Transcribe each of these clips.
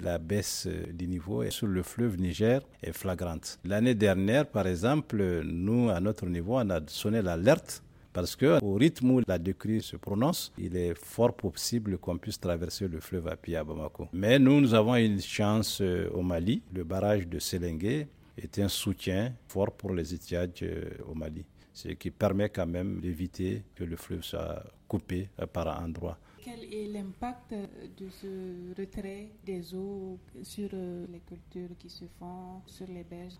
la baisse euh, du niveau sur le fleuve Niger est flagrante. L'année dernière, par exemple, nous, à notre niveau, on a sonné l'alerte parce que au rythme où la décrue se prononce, il est fort possible qu'on puisse traverser le fleuve à pied à Bamako. Mais nous, nous avons une chance euh, au Mali. Le barrage de Sélengue est un soutien fort pour les étiages euh, au Mali ce qui permet quand même d'éviter que le fleuve soit coupé par endroit. Quel est l'impact de ce retrait des eaux sur euh, les cultures qui se font, sur les berges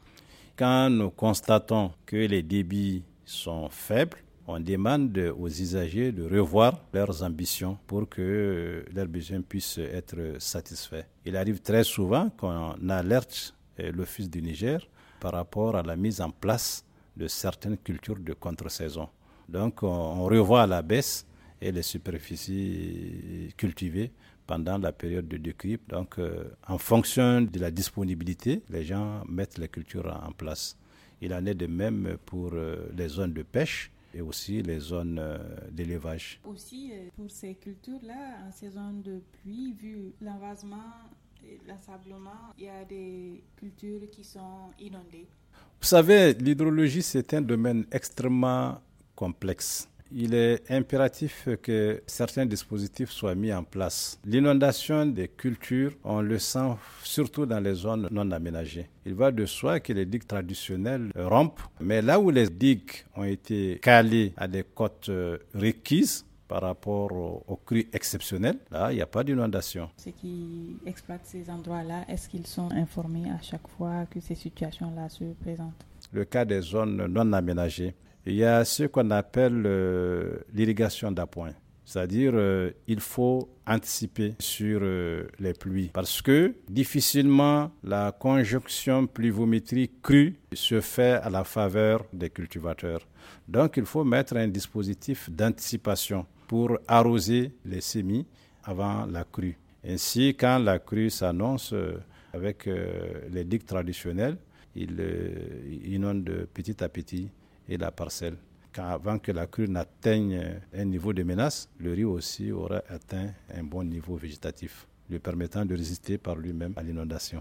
Quand nous constatons que les débits sont faibles, on demande aux usagers de revoir leurs ambitions pour que leurs besoins puissent être satisfaits. Il arrive très souvent qu'on alerte euh, l'Office du Niger par rapport à la mise en place de certaines cultures de contre-saison. Donc on revoit la baisse et les superficies cultivées pendant la période de décrypte. Donc euh, en fonction de la disponibilité, les gens mettent les cultures en place. Il en est de même pour euh, les zones de pêche et aussi les zones euh, d'élevage. Aussi, pour ces cultures-là, en saison de pluie, vu l'envasement, l'ensablement, il y a des cultures qui sont inondées. Vous savez, l'hydrologie, c'est un domaine extrêmement complexe. Il est impératif que certains dispositifs soient mis en place. L'inondation des cultures, on le sent surtout dans les zones non aménagées. Il va de soi que les digues traditionnelles rompent, mais là où les digues ont été calées à des côtes euh, requises, par rapport aux, crues exceptionnelles, là, il n'y a pas d'inondation. Ceux qui exploitent ces endroits-là, est-ce qu'ils sont informés à chaque fois que ces situations-là se présentent Le cas des zones non aménagées, il y a ce qu'on appelle euh, l'irrigation d'appoint. C'est-à-dire, euh, il faut anticiper sur euh, les pluies parce que difficilement la conjonction pluviométrie crue se fait à la faveur des cultivateurs. Donc, il faut mettre un dispositif d'anticipation pour arroser les semis avant la crue. Ainsi, quand la crue s'annonce euh, avec euh, les digues traditionnels, euh, il inonde petit à petit et la parcelle. avant que la crue n'atteigne un niveau de menace, le riz aussi aura atteint un bon niveau végétatif, lui permettant de résister par lui-même à l'inondation.